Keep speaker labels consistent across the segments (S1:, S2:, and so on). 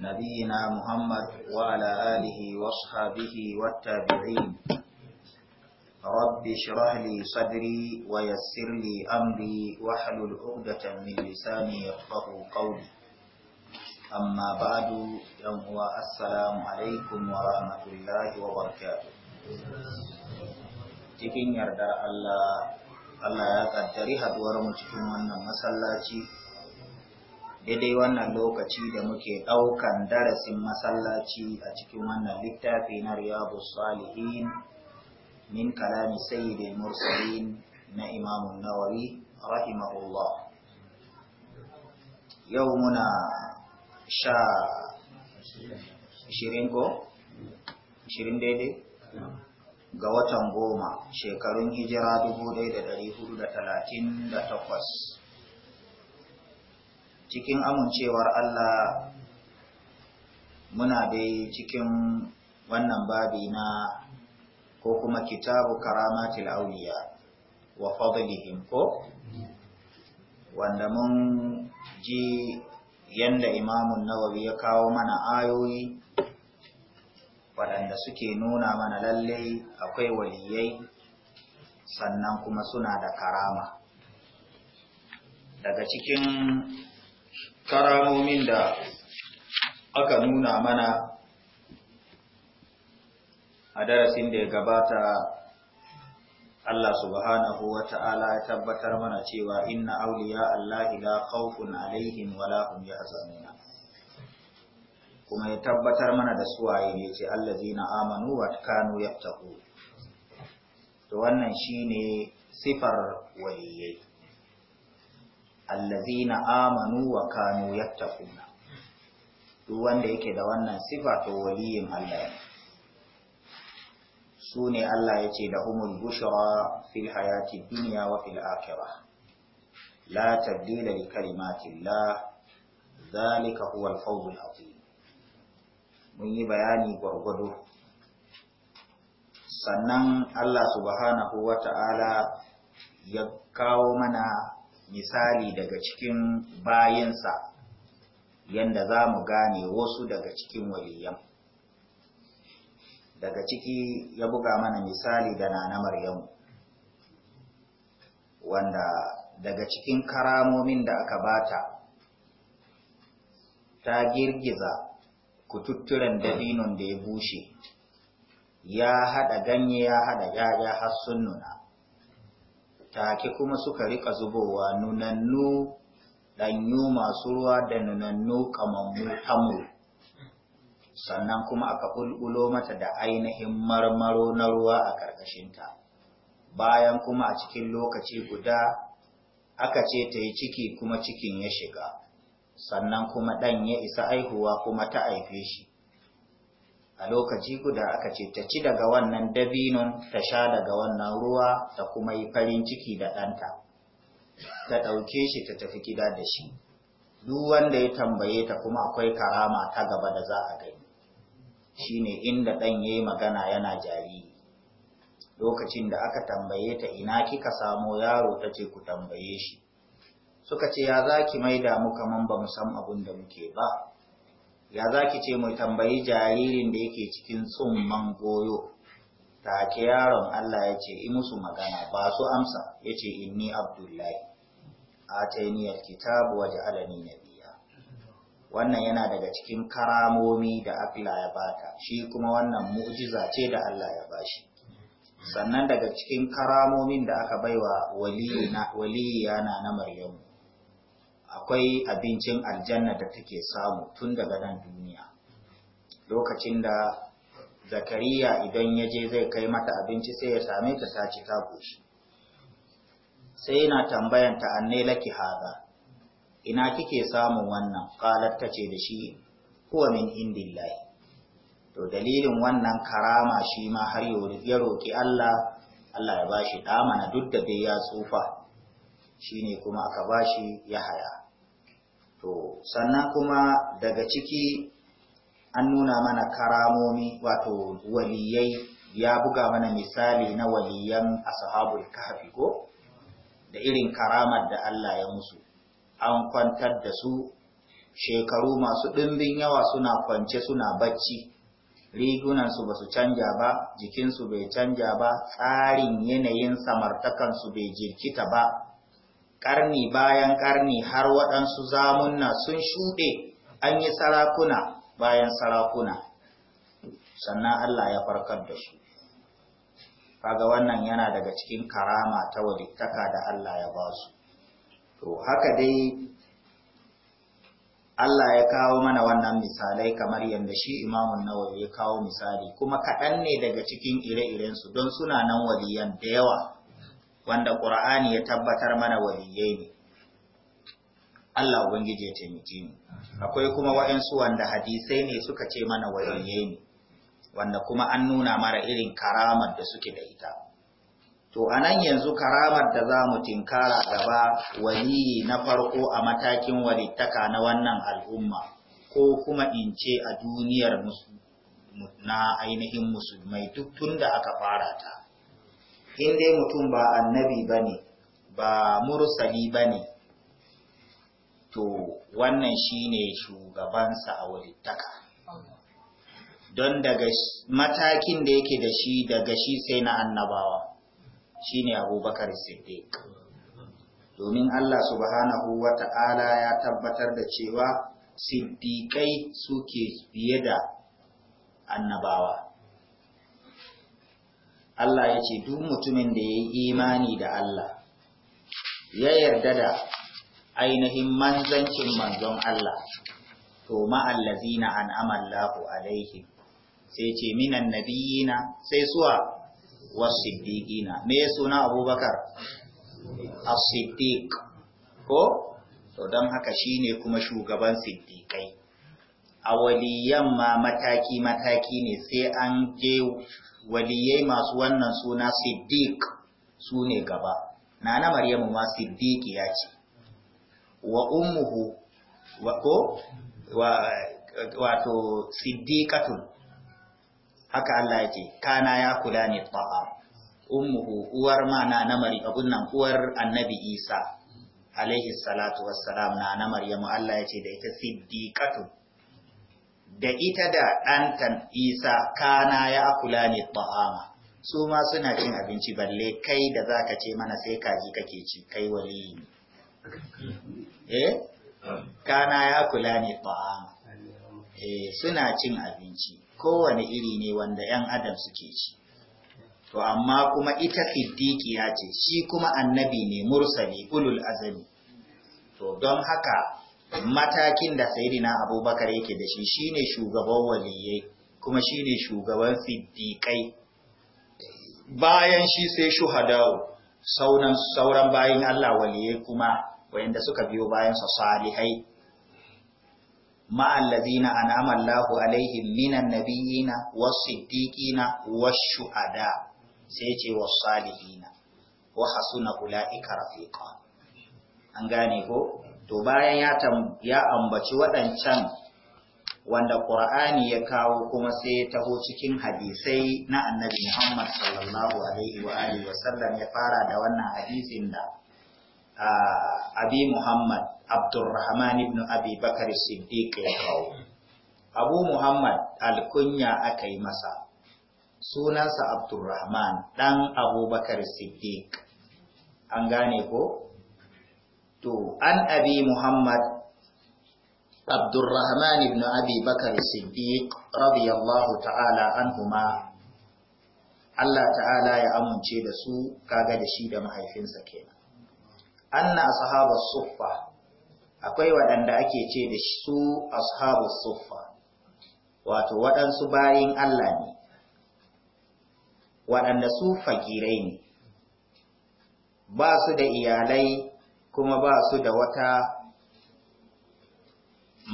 S1: نبينا محمد وعلى آله وصحبه والتابعين رب اشرح لي صدري ويسر لي أمري واحلل عقدة من لساني يفقه قولي أما بعد يوم هو السلام عليكم ورحمة الله وبركاته cikin yardar Allah Allah ya kaddari haduwar mu cikin wannan masallaci daidai wannan lokaci da muke ɗaukan darasin masallaci a cikin wannan littafi na riyadu salihin min kalami sayyidi mursalin na imamun nawawi rahimahullah yau muna sha shirin ko? shirin daidai? ga watan goma shekarun hijira 1438 cikin amincewar Allah muna dai cikin wannan babi na ko kuma kitabu karamatil auliya wa fadlihim ko wanda mun ji yanda imamun nawawi ya kawo mana ayoyi waɗanda suke nuna mana lallai akwai waliyai sannan kuma suna da karama daga cikin karamomin da aka nuna mana a darasin da ya gabata Allah subhanahu wa ta'ala ya tabbatar mana cewa inna auliya Allah ila khawfun alaihim wa lahum yahzanuna kuma ya tabbatar mana da su suwaye ne ce allazina amanu wa kanu yattaqu to wannan shine sifar waliyai allazina amanu wa kanu yattaquna duk wanda yake da wannan sifa to waliyin Allah ne su ne Allah ya da humul bushra fil hayati dunya wa fil akhirah la tabdila li Allah zalika huwa al-fawz al-azim mun yi bayani gwargwado sannan Allah subhanahu wa ta'ala ya kawo mana misali daga cikin bayansa yanda za mu gane wasu daga cikin waliyan daga ciki ya buga mana misali da nana maryamu wanda daga cikin karamomin da aka bata ta girgiza kututturen dabinon da ya bushe ya haɗa ganye ya haɗa yaya har sun nuna take kuma suka rika zubowa nunannu ɗanyu masu ruwa da nunannu kamammu hamu sannan kuma aka bulbulo mata da ainihin marmaro na ruwa a ƙarƙashinta bayan kuma a cikin lokaci guda aka ce ta yi ciki kuma cikin ya shiga sannan kuma ɗan ya isa aihuwa kuma ta aife shi a lokaci guda aka ce ta ci daga wannan dabinon ta sha daga wannan ruwa ta kuma yi farin ciki da ɗanta ta ɗauke shi ta tafi gida da shi duk wanda ya tambaye ta kuma akwai karama ta gaba da za a gani shine inda ɗan ya yi magana yana jariri lokacin da aka tambaye ta ina kika samo yaro ta ce ku tambaye shi suka ce ya za ki maida mu kaman ba mu san abin da muke ba ya za ki ce mu tambayi jaririn da yake cikin tsumman goyo ta ke yaron Allah ya ce in musu magana ba su amsa ya ce inni abdullahi a ta yi tainiyar kitabu waje alani na biya wannan yana daga cikin karamomi da akila ya bata shi kuma wannan mu'jiza ce da Allah ya ba shi. sannan daga cikin karamomin da aka baiwa waliyana na maryamu akwai abincin aljanna da take samu tun daga nan duniya lokacin da zakariya idan ya je zai kai mata abinci sai ya same ta sace ci ta goshi sai yana tambayan ta anne laki haza ina kike samun wannan ta ce da shi huwa min indillahi to dalilin wannan karama shi ma har ya roki Allah Allah ya bashi dama na duk da dai ya tsufa shine kuma aka bashi ya haya to sannan kuma daga ciki an nuna mana karamomi wato waliyai ya buga mana misali na waliyan ashabul kahfi ko da irin karamar da Allah ya musu an kwantar da su shekaru masu ɗimbin yawa suna kwance suna bacci rigunansu ba su canja ba jikinsu bai canja ba tsarin yanayin samartakansu bai jirkita ba ƙarni bayan ƙarni har waɗansu zamunna sun shuɗe an yi sarakuna bayan sarakuna sannan Allah ya farkar da su kaga wannan yana daga cikin karama ta walittaka da Allah ya ba su to haka dai Allah ya kawo mana wannan misalai kamar yadda shi imamun nawawi ya kawo misali kuma kaɗan ne daga cikin ire-irensu don suna nan waliyan da yawa wanda ƙura'ani ya tabbatar mana waliyai ne Allah Ubangiji ya taimake ni akwai kuma waɗansu wanda hadisai ne suka ce mana waliyai ne wanda kuma an nuna mara irin karamar da suke da ita to a nan yanzu karamar da za mu tinkara gaba waliyi na farko a matakin walittaka na wannan al'umma ko kuma in ce a duniyar na ainihin musulmai duk tunda aka fara ta in dai mutum ba annabi ba ne ba mursali ba ne to wannan shine shugabansa a walittaka don daga matakin da yake da shi daga shi sai na annabawa shine abubakar siddiq domin allah subhanahu wa ta'ala ya tabbatar da cewa siddiƙai suke biye da annabawa Allah ya ce duk mutumin da ya yi imani da Allah ya yarda da ainihin manzancin manzon Allah to ma'allazina amallahu alaihi sai ce minan nabiyina sai suwa wasiddiqina me suna abubakar as-siddiq ko to dan haka shine kuma shugaban siddiqai a ma mataki mataki ne sai an je waliyai masu wannan suna siddiq su ne gaba nana maryamu ma ya ce wa ummuhu wa ko wa wato siddiqatun haka Allah yake kana ya kula ni ta'a ummuhu uwar ma na maryamu abun nan uwar annabi Isa alaihi salatu wassalam na na maryamu Allah yake da ita siddiqatun da ita da ɗantan isa kana ya akula ne ta'ama su ma suna cin abinci balle kai da za ka ce mana sai kaji kake ci kai wali eh kana ya akula ne ta'ama eh suna cin abinci kowane iri ne wanda 'yan adam suke ci to amma kuma ita ya ce shi kuma annabi ne mursali ulul azami to don haka matakin da sayidina abubakar yake da shi shine shugaban waliyai kuma shine shugaban siddiƙai bayan shi sai shuhadau sauran sauran bayin Allah waliyai kuma wayanda suka biyo bayan sa salihai ma allazina an'ama Allahu alaihim minan nabiyina was-siddiqina wash-shuhada sai ce was-salihina wa hasuna ulaika rafiqa an gane ko to bayan ya ambaci waɗancan wanda Qur'ani ya kawo kuma sai ya taho cikin hadisai na Annabi Muhammad sallallahu alaihi wa alihi wa sallam ya fara da wannan hadisin da Abi Muhammad Abdurrahman ibn Abi Bakar Siddiq ya kawo Abu Muhammad alkunya aka yi masa sunansa Abdurrahman dan Bakar Siddiq an gane ko to an abi muhammad abdurrahman ibn abi bakar siddiq radiyallahu ta'ala anhuma Allah ta'ala ya amince da su kaga da shi da mahaifinsa kenan anna sahabar suffa akwai waɗanda ake ce da su ashabus suffa wato waɗansu bayin Allah ne waɗanda su fakirai ne ba su da iyalai kuma ba su da wata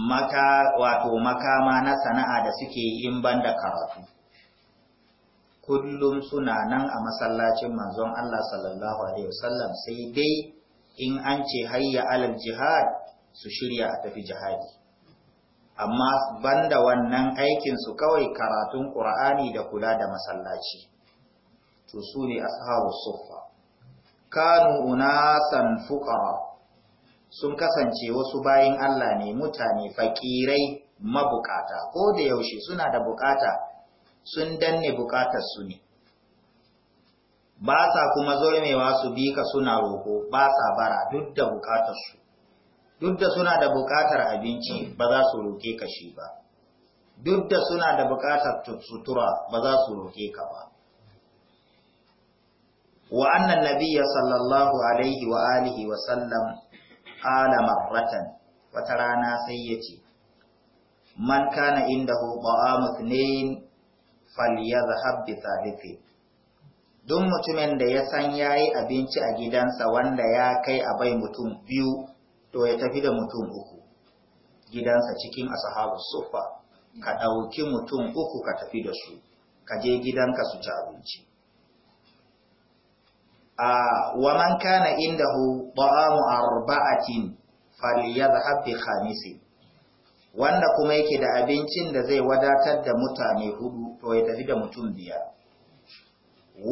S1: maka wato makama na sana'a da suke yi in banda karatu kullum suna nan a masallacin manzon Allah sallallahu alaihi wasallam sai dai in an ce hayya alal jihad su shirya a tafi jihadi amma banda wannan aikin su kawai karatun Qur'ani da kula da masallaci to su ne ashabu suffa kanu unasan fuqara sun kasance wasu bayin Allah ne mutane fakirai mabukata ko da yaushe suna da bukata sun danne bukatar su ne ba sa kuma zormewa su bi ka suna roko ba sa bara duk da bukatar su duk da suna da bukatar abinci ba za su roke ka shi ba duk da suna da bukatar sutura ba za su roke ka ba wa annan nabiyya sallallahu alaihi wa alihi wa sallam ala marratan wata rana sai ya ce man kana indahu ta'amu thnain falyadhhab bi thalithi duk mutumin da ya san yayi abinci a gidansa wanda ya kai a bai mutum biyu to ya tafi da mutum uku gidansa cikin ashabu sufa ka dauki mutum uku ka tafi da su ka je gidanka su ci abinci wa man kana indahu ta'amu arba'atin falyadhhab bi khamisi wanda kuma yake da abincin da zai wadatar da mutane hudu to ya tafi da mutum biyar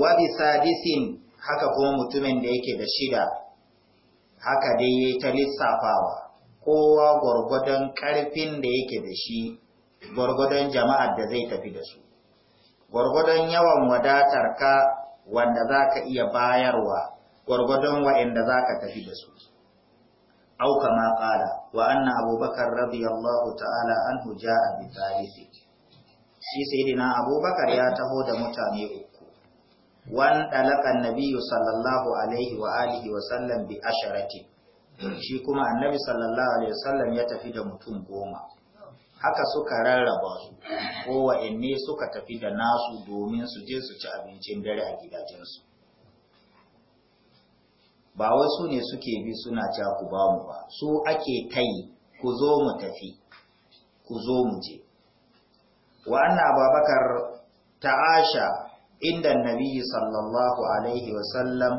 S1: wa bi sadisin haka kuma mutumin da yake da shida haka dai yayi ta lissafawa kowa gwargwadon karfin da yake da shi gwargwadon jama'ar da zai tafi da su gwargwadon yawan wadatar ka wanda za ka iya bayarwa gwargwadon wa'inda za ka tafi da su. Auka kama ƙala, wa anna abubakar radiyallahu ta'ala an huja a bitalisi. Shi sayidina abubakar ya taho da mutane uku, wan ɗalakan nabiyu sallallahu alaihi wa alihi wa sallam bi asharati, shi kuma annabi sallallahu alaihi wa sallam ya tafi da mutum goma. haka suka rarraba su kowanne suka tafi da nasu domin su je su ci abincin dare a gidajensu ba wasu ne suke bi suna ca ku ba mu ba su ake kai ku zo mu tafi ku zo mu je wa anna babakar ta'asha inda nabi sallallahu alaihi wasallam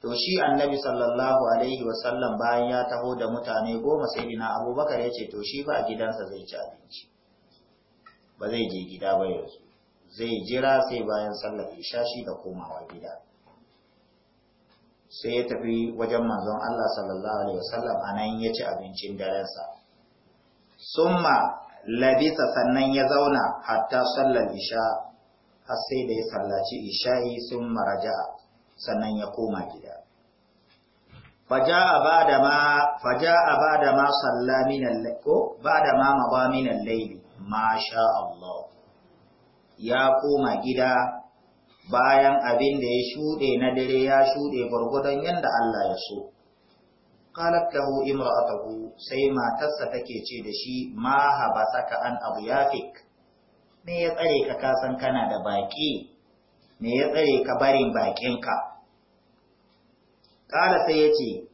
S1: to shi annabi sallallahu alaihi wasallam bayan ya taho da mutane goma sai ina abubakar ya ce to shi ba a gidansa zai ci abinci ba zai je gida ba yanzu zai jira sai bayan sallar isha shi da komawa gida sai ya tafi wajen manzon Allah sallallahu alaihi wasallam anan ya ci abincin darensa summa labisa sannan ya zauna hatta sallar isha har sai da ya sallaci isha'i sun maraja sannan ya koma gida faja'a bada ma faja'a ma al-layl ma al Allah ya koma gida bayan abin da ya shuɗe na dare ya shude gurgudan yanda Allah ya so qalat lahu imra'atuhu sai matarsa take ce da shi ma habasaka an abu yafik me ya tsare ka kasan kana da baƙi? me ya tsare ka barin bakinka ƙala sai ya ce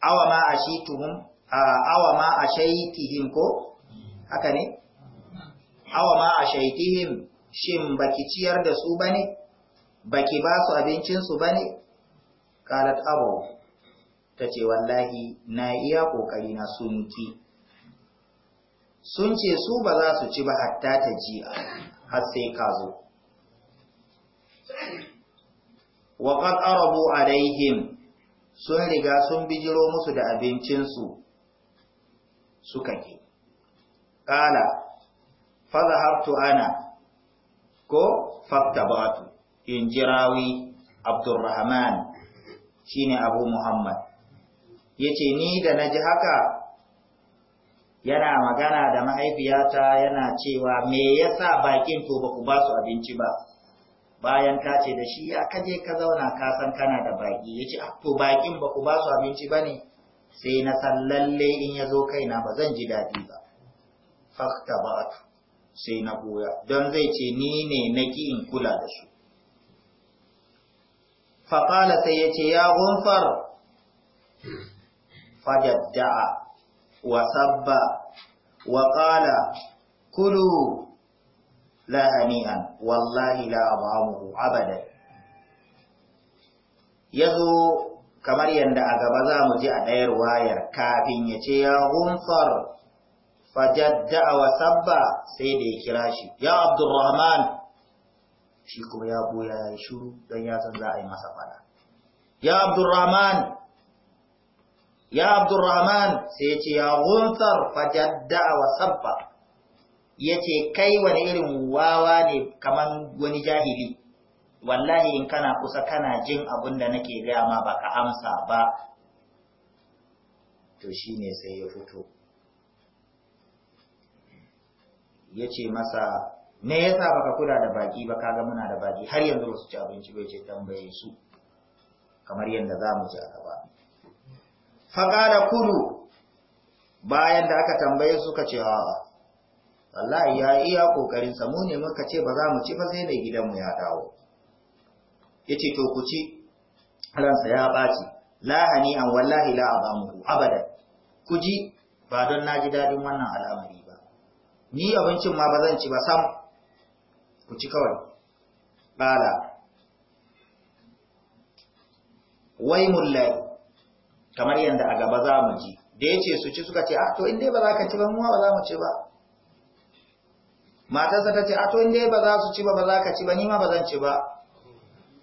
S1: awa ma a awa ma shaitihim ko haka ne awa ma a shaitihim shin baki ciyar da su bane baki ba su abincinsu bane ta abu tace wallahi na iya kokari na sunki sun ce su ba za su ci ba hatta ta ji har sai ka zo wa qad arabu alaihim sun riga sun bijiro musu da abincinsu suka ke Ƙala, fa zahabtu ana ko fattabatu in jirawi abdurrahman shine abu muhammad yace ni da naji haka yana magana da mahaifiyata yana cewa me yasa bakin to ba ku ba su abinci ba bayan ta ce da shi ya kaje ka zauna ka san kana da baki ya ce ah, to bakin ba ku ba su abinci ba ne sai na san lalle in ya zo kaina ba zan ji daɗi ba fakta ba sai na goya don zai ce ni ne na ki in kula da su faƙala sai yace ya gunfar fajadda'a wa sabba wa kala kulu la hani'an wallahi la abamuhu abadan yazo kamar yadda a gaba za mu ji a ɗayar wayar kafin ya ce ya gunfar fajadda wa sabba sai da ya kira shi ya abdurrahman shi kuma ya goya ya yi shuru don ya san za a yi masa fada ya abdurrahman ya abdurrahman sai ya ce ya gunfar fajadda wa sabba Yace kai wani irin wawa ne kamar wani jahili wallahi in kana kusa kana jin abin da nake gaya ma ba ka amsa ba to shi ne sai ya fito yace masa me yasa baka kula da baki ba kaga muna da baki har yanzu ba su ci abinci bai ce tambaye su kamar yadda za mu ci a gaba da kudu bayan da aka tambaye suka ce a'a wallahi ya yi iya kokarin sa mu ne muka ce ba za mu ci ba sai mai gidanmu ya dawo yace to ku ci ransa ya baci lahani an wallahi la abamu abadan ku ji ba don na ji dadin wannan al'amari ba ni abincin ma ba zan ci ba sam ku ci kawai bala wai mullai kamar yanda a gaba za mu ji da yace su ci suka ce ah to in ba za ka ci ba mu ba za mu ci ba matarsa ta ce a to inda ba za su ci ba ba za ka ci ba ni ma ba zan ci ba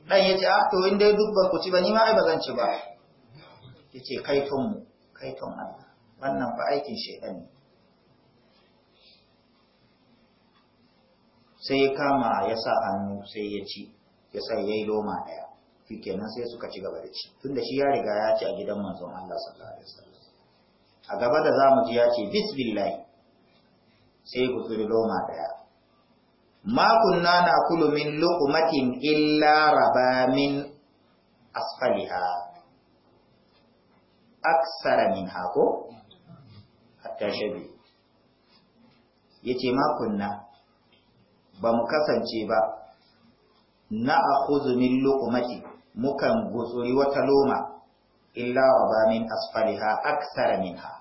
S1: dan ya ce a to inda duk ba ku ci ba ni ma ai ba zan ci ba ya ce kaiton mu kaiton Allah wannan fa aikin shaidan ne sai ya kama ya sa hannu sai ya ci ya sa ya yi loma ɗaya fi kenan sai suka ci gaba da ci tunda shi ya riga ya ci a gidan manzon Allah sallallahu alaihi wasallam a gaba da zamu ji ya ce bismillah sai ku gutsuri loma ɗaya ma kunna nakulu min luqmatin illa raba min asfaliha aksara min hako hatta shabi yace ma kunna ba mu kasance ba na akhudhu min luqmati mukan gutsuri wata loma illa raba min asfaliha aksara ha.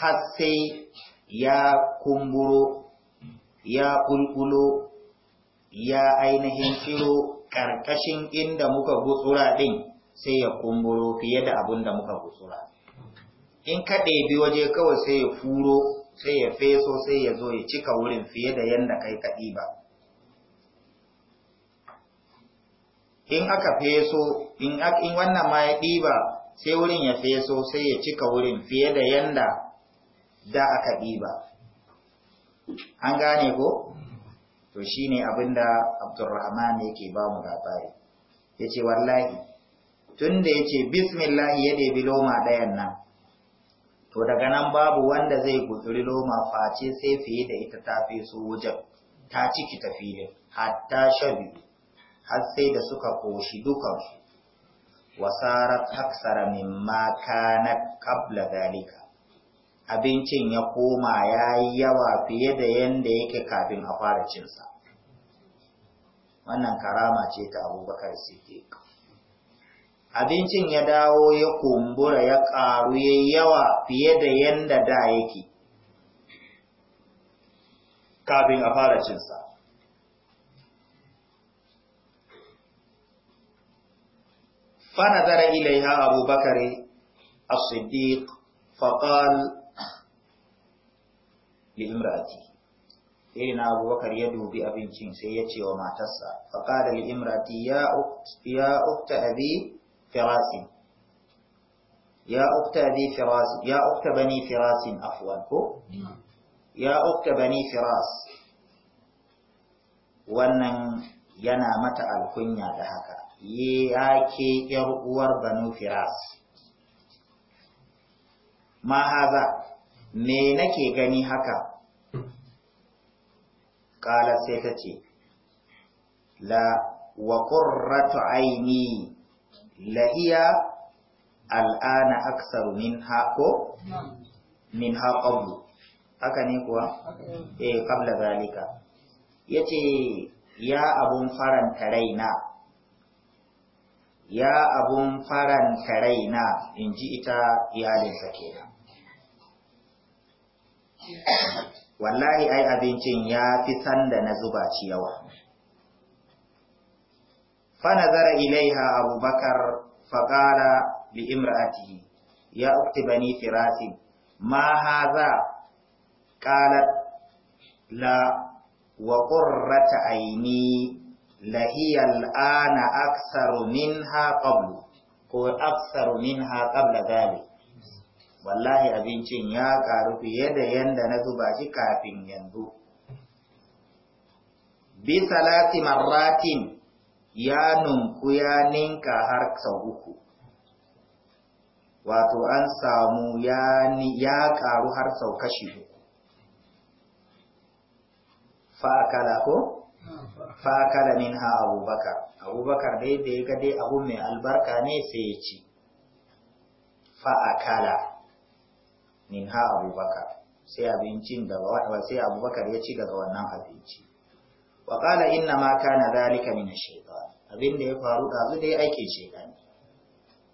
S1: har sai ya kumburo ya kulkulo ya ainihin tsiro ƙarƙashin inda muka gutsura ɗin sai ya kumburo fiye da abin da muka gutsura in ka ɗebi waje kawai sai ya furo sai ya feso sai ya zo ya cika wurin fiye da yadda kai kaɗi ba in aka feso in wannan ma ya ɗiba sai wurin ya feso sai ya cika wurin fiye da yadda da aka ɗiba an gane ko to shine abinda Abdurrahman yake ba mu labari yace wallahi tunda yace bismillah ya debi loma dayan nan to daga nan babu wanda zai gutsuri loma face sai fiye da ita ta fi su wajen ta ciki ta filin hatta shabi har sai da suka koshi dukansu wasarat aksara mimma na qabla dalika abincin ya koma ya yi yawa fiye da yadda yake kafin a fara cinsa wannan karama ce ta abubakar siddiq abincin ya dawo ya kumbura ya ƙaru ya yi yawa fiye da yadda da yake kafin a fara cinsa فنظر إليها أبو بكر الصديق فقال li'imrati sai na abubakar ya dubi abincin sai ya ce wa matarsa faƙada li'imrati ya ukta abi firasin ya ukta abi firasin ya ukta bani firasin afwan ko ya ukta bani firas wannan yana mata alkunya da haka ya ke ‘yar uwar banu firas ma haza me nake gani haka kala sai ta ce la wa ƙurratu aini lahiya al'ana aksar min haƙo min haƙobu haka ne kuwa eh kabla zalika ya ce ya abun faranta raina ya abun faranta raina in ji ita iyalinsa kenan wallahi ai abincin ya fi sanda na zuba ci yawa fa nazara ilaiha abubakar faƙala li imra'atihi ya uktibani bani firasin ma haza qalat la wa qurrata aini lahiya ana aktsaru minha qablu ko aktsaru minha qabla dhalik wallahi abincin ya ƙaru fiye da yanda na zuba shi kafin yanzu bi salati marratin ya nunku ya ninka har sau uku wato an samu ya ƙaru har sau kashi uku fa'akala ko? kala min ha abubakar abubakar dai da ya dai abu mai albarka ne sai ya ci fa'akala min ha abubakar sai abincin daga sai abubakar ya ci daga wannan abinci wa kala inna ma kana zalika min ash-shaytan abin da ya faru zai dai aikin shaytan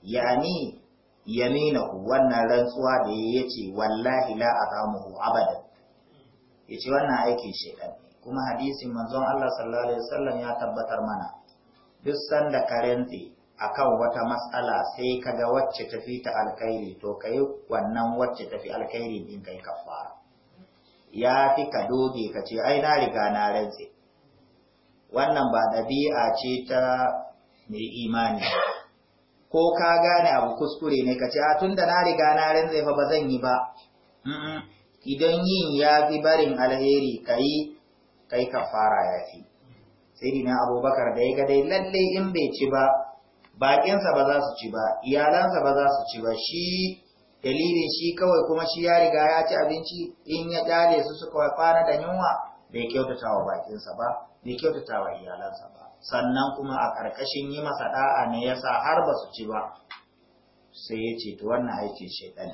S1: yani yamina wannan rantsuwa da ya yace wallahi la aramuhu abada yace wannan aikin shaytan kuma hadisin manzon Allah sallallahu alaihi wasallam ya tabbatar mana duk sanda karenti akan wata matsala sai ka ga wacce tafi ta alkhairi to kai wannan wacce tafi alkhairi din kai kafara ya fi ka doge ka ce ai na riga na rantse wannan ba dabi'a ce ta mai imani ko ka gane abu kuskure ne ka ce a tunda na riga na rantse fa ba zan yi ba idan yin ya fi barin alheri kai kai kafara ya fi sai abubakar da ya ga dai lalle in bai ci ba baƙinsa ba za su ci ba iyalansa ba za su ci ba shi dalilin shi kawai kuma shi ya riga ya ci abinci in ya ƙyale su suka kwana da yunwa bai kyautata wa bakinsa ba bai kyautata wa iyalansa ba sannan kuma a ƙarƙashin yi masa ɗa'a ne yasa har ba su ci ba sai ya ce to wannan aikin shaiɗan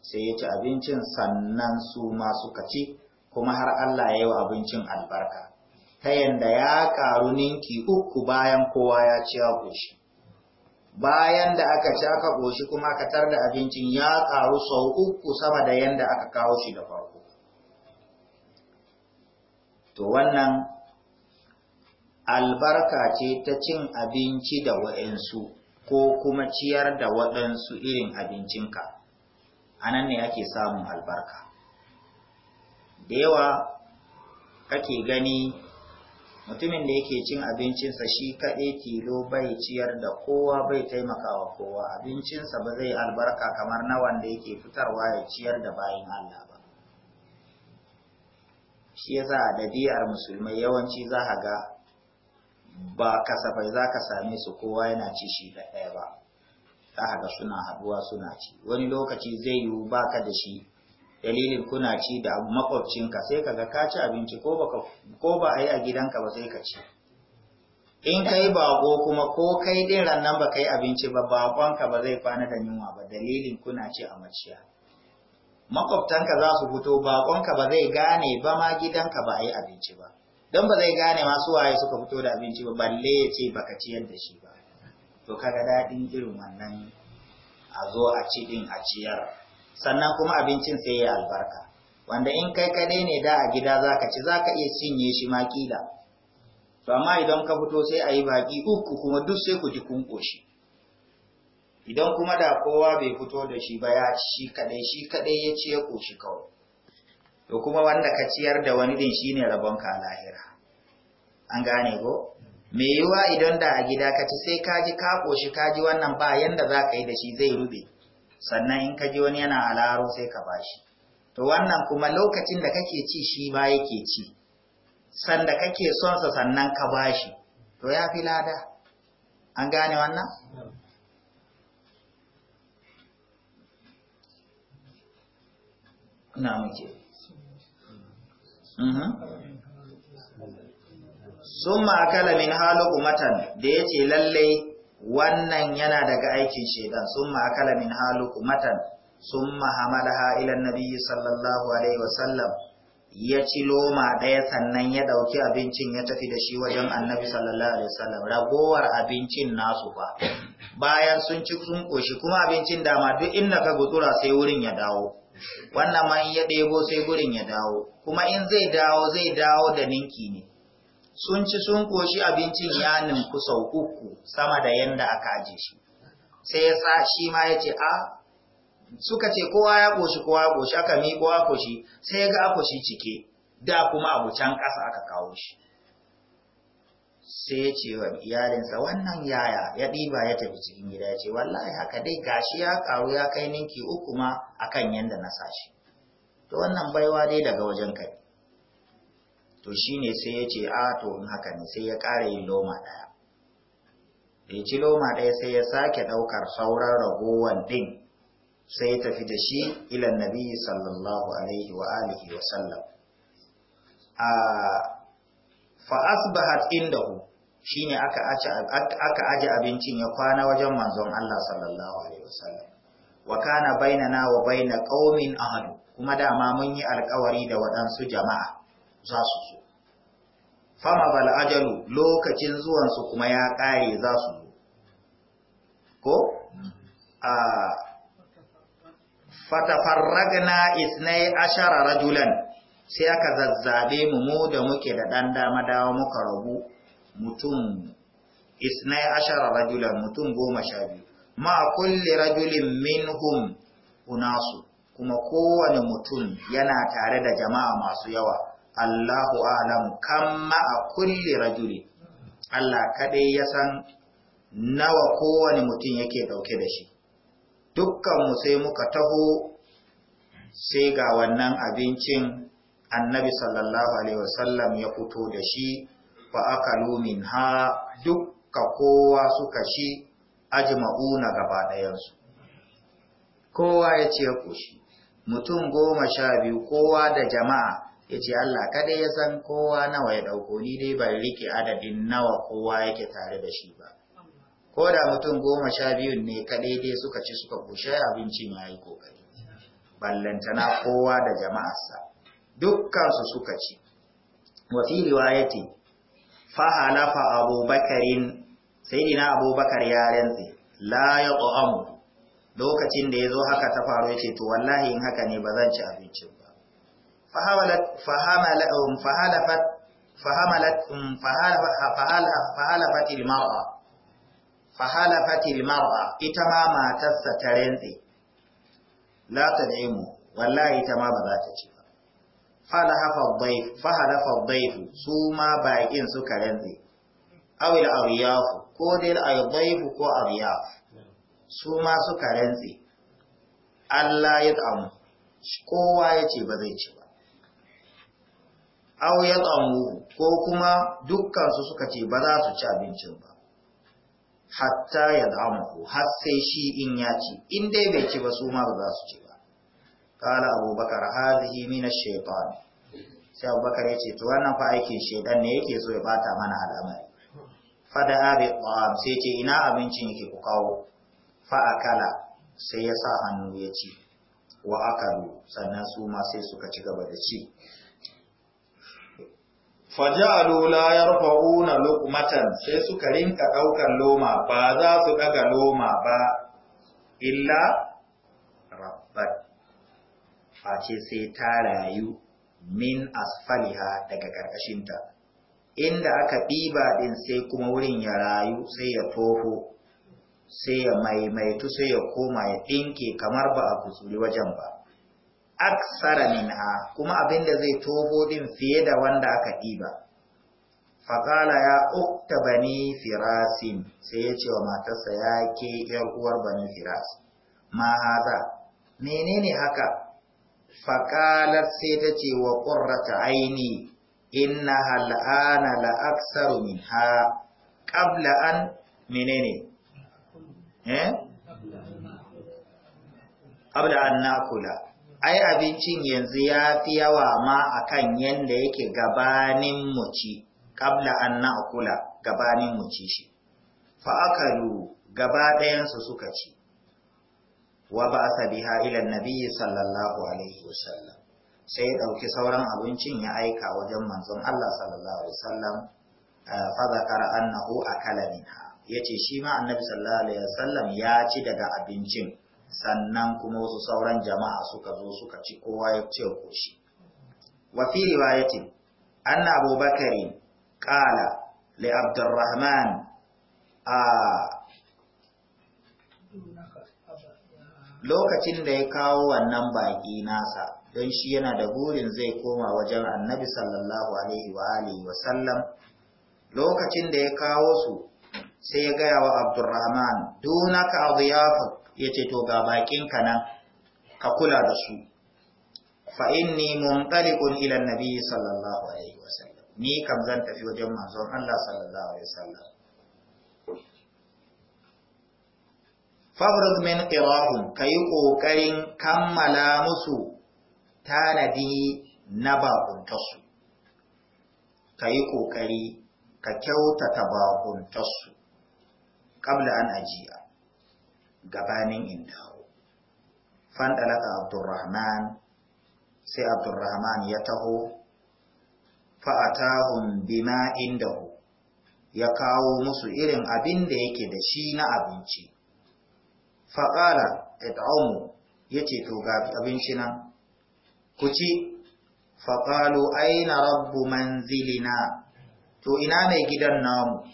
S1: sai ya ci abincin sannan su ma suka ci kuma har Allah ya yi wa abincin albarka ta yanda ya ƙaru ninki uku bayan kowa ya ci ya ƙoshi. Bayan da aka ci aka ƙoshi kuma aka tar da abincin ya ƙaru sau uku sama da yanda aka kawo shi da farko. To wannan albarka ce ta cin abinci da wa'yansu ko kuma ciyar da waɗansu irin abincinka, a nan ne ake samun albarka. Da yawa kake gani mutumin da yake cin abincinsa shi kaɗai tilo bai ciyar da kowa bai taimakawa kowa abincinsa ba zai albarka kamar na wanda yake fitarwa ya ciyar da bayan Allah ba shi yasa a dabi'ar musulmai yawanci za a ga ba kasafai za ka same su kowa yana ci shi da ɗaya ba za a ga suna haɗuwa suna ci wani lokaci zai yiwu baka da shi dalilin kuna ci da makwabcinka sai kaga ga ka ci abinci ko ba a yi a gidanka ba sai ka ci in kai bako kuma ko kai din rannan ba kai abinci ba baƙonka ba zai kwana da yunwa ba dalilin kuna ci a maciya makwabtanka za su fito baƙonka ba zai gane ba ma gidanka ba a yi abinci ba don ba zai gane masu waye suka fito da abinci ba balle ya ce baka ciyar da shi ba to kaga daɗin irin wannan a zo a ci din a ciyar sannan kuma abincin sai ya albarka wanda in kai kaɗai ne da a gida za ka ci za iya cinye shi ma kila to amma idan ka fito sai ayi yi baƙi uku kuma duk sai ku ji kun ƙoshi idan kuma da kowa bai fito da shi ba ya shi kaɗai shi kaɗai ya ci ya ƙoshi kawai to kuma wanda ka ciyar da wani din shine rabon ka lahira an gane ko me yiwa idan da a gida ka ci sai ka ji ka ƙoshi ka ji wannan ba yanda zaka yi da shi zai rube sannan in ka ji wani yana alaro sai ka bashi to wannan kuma lokacin da kake ci shi ba yake ci sanda kake son sa sannan ka bashi to ya fi lada an gane wannan na muke mhm. sun akala min halu umatan da yace lallai wannan yana daga aikin shaidan summa akala min halukumatan summa hamalaha ila nabiyyi sallallahu alaihi wasallam ya ci loma ɗaya sannan ya ɗauki abincin ya tafi da shi wajen annabi sallallahu alaihi wasallam ragowar abincin nasu ba bayan sun ci sun ƙoshi kuma abincin dama duk inda ka gutsura sai wurin ya dawo wannan ma in ya ɗebo sai gurin ya dawo kuma in zai dawo zai dawo da ninki ne sun ci sun koshi abincin ya ninku sau uku sama da yanda aka aje shi sai ya sa shi ma ya ce a ah, suka ce kowa ya koshi kowa ya koshi aka mi kowa koshi sai ya ga a koshi cike da kuma abu can ƙasa aka kawo shi sai ya ce wa iyalinsa wannan yaya ya ɗiba ya tafi cikin gida ya ce wallahi haka dai gashi ya karu ya kai ninki uku ma akan yanda na sashi to wannan baiwa dai daga wajen kai to shine sai ya ce a ah, to in haka ne sai ya ƙara yin loma ɗaya ya ci loma ɗaya sai ya sake ɗaukar sauran ragowar ɗin sai ya tafi da shi ilan nabi sallallahu alaihi wa alihi wa sallam a da indahu shine aka aka aje abincin ya kwana wajen manzon Allah sallallahu alaihi sallam wa kana bainana wa baina ƙaumin Ahadu, kuma dama mun yi alkawari da waɗansu jama'a za su zo fama bal ajalu lokacin zuwansu kuma ya ƙare za su zo ko a fatafarragna isnai ashara rajulan sai aka zazzabe mu mu da muke da ɗan dama dawa muka rabu mutum isnai ashara rajulan mutum goma sha biyu ma kulli rajulin minhum unasu kuma kowane mutum yana tare da jama'a masu yawa Allahu alam kamma a kulli rajuli Allah kaɗai ya san nawa kowane mutum yake dauke da shi dukkan mu sai muka taho sai ga wannan abincin annabi sallallahu alaihi wasallam ya fito da shi fa akalu minha dukka kowa suka shi ajma'una gaba ɗayansu kowa ya ce shi. mutum goma sha biyu kowa da jama'a ya Allah kada ya san kowa nawa ya ɗauko ni dai ban rike adadin nawa kowa yake tare da shi ba ko da mutum goma sha biyu ne kaɗai dai suka ci suka kushe abinci ma yi kokari ballantana kowa da jama'arsa dukkansu suka ci wafi riwayati fa halafa abubakarin sayyidina abubakar ya rantse la ya lokacin da ya zo haka ta faru ya ce to wallahi in haka ne ba zan ci abinci ba fahalafatil mar'a ita ma matarsa ta rentse la ta nemo wallahi ita ma ba za ta ci ba fahalafa daifu su ma baƙin suka rentse awil ariyafu ko dai daifu ko ariyafu su ma suka Allah ya kowa ya ce ba zai ci au ya tsamu ko kuma dukkansu suka ce ba za su ci abincin ba hatta ya damu har sai shi in ya ci in dai bai ci ba su ma ba za su ci ba kala abubakar hazihi ash-shaytan sai abubakar ya ce to wannan fa aikin shaitan ne yake so ya bata mana al'amari fada abi qam sai ce ina abincin yake ku kawo fa akala sai ya sa hannu ya ci wa akalu sannan su ma sai suka ci gaba da ci faja'alu la yarfa'una luqmatan sai suka rinka ɗaukar loma ba za su daga loma ba illa rabbat face sai ta rayu min asfaliha daga karkashinta inda aka ɗiba ɗin sai kuma wurin ya rayu sai ya toho sai ya maimaitu sai ya koma ya ɗinke kamar ba a kusuri wajen ba aksara minha kuma abin da zai tobo din fiye da wanda aka ɗiba faƙala ya ukta bani firasin sai ya ce wa matarsa ya ke uwar bani firas ma haza menene haka faƙalar sai ta ce wa ƙurrata aini inna hal'ana aksaru min ha ƙabla an menene eh? ƙabla an nakula ai abincin yanzu ya fi yawa ma akan yadda yake gabanin mu ci kabla an na'kula gabanin mu ci shi fa gaba ɗayansu suka ci wa a biha ila nabiyyi sallallahu alaihi wasallam sai ya ɗauki sauran abincin ya aika wajen manzon Allah sallallahu alaihi wasallam eh, fa a annahu akala Ya ce shi ma annabi sallallahu alaihi wasallam ya ci daga abincin sannan kuma wasu sauran jama'a suka zo suka ci kowa ya ce koshi wa fi riwayatin anna abubakari qala li abdurrahman a lokacin da ya kawo wannan baki nasa don shi yana da burin zai koma wajen annabi sallallahu alaihi wa alihi wa sallam lokacin da ya kawo su sai ya gaya wa abdurrahman dunaka adiyafuk ya ce to ga ka nan ka kula da su fa'inni muntalikun ilan nabi sallallahu alaihi wasallam ni kam zan tafi wajen manzon Allah sallallahu alaihi wasallam fabruz min qirahum kai ƙoƙarin kammala musu tanadi na bakuntarsu ka yi ƙoƙari ka kyautata bakuntarsu ƙabla an ajiya gabanin in fan dalaka abdurrahman sai abdurrahman ya taho fa'atahun bima indahu ya kawo musu irin abin da yake da shi na abinci faƙala it'amu ya ce to ga abinci nan ku ci faƙalo aina rabbu manzilina to ina mai gidan namu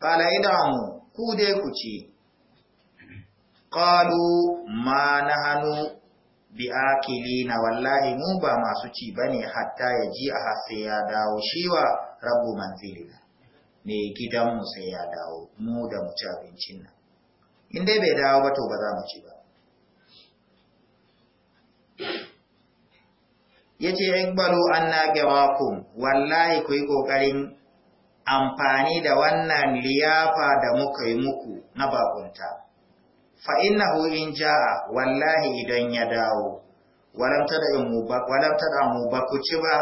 S1: ƙala mu ku dai ku ci qalu ma bi bi'akilina wallahi mu ba masu ci bane hatta ya ji a hasse ya dawo shiwa rabu manzilina mai gidanmu sai ya dawo mu da mu ci abincin nan in dai bai dawo ba to ba za mu ci ba Ya yace ikbalu anna gawakum wallahi ku yi kokarin amfani da wannan liyafa da muka yi muku na bakunta fa innahu in jaa wallahi idan ya dawo walam tada mu ba walam tada mu ba ku ci ba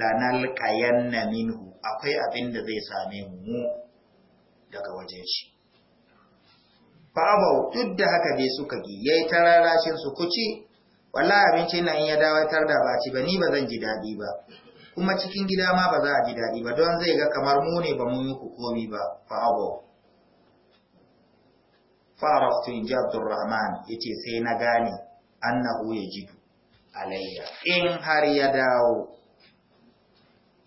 S1: lanalqayanna minhu akwai abin da zai same mu daga wajen shi Babau duk da haka dai suka gi yayi tararashin su kuci wallahi abincin nan ya dawatar da ba ci ba ni ba zan ji daɗi ba kuma cikin gida ma ba za a ji daɗi ba don zai ga kamar mu ne ba mun yi komi ba Babau farastu in ji abdurrahman ya ce sai na gane annahu ya ji alayya in har ya dawo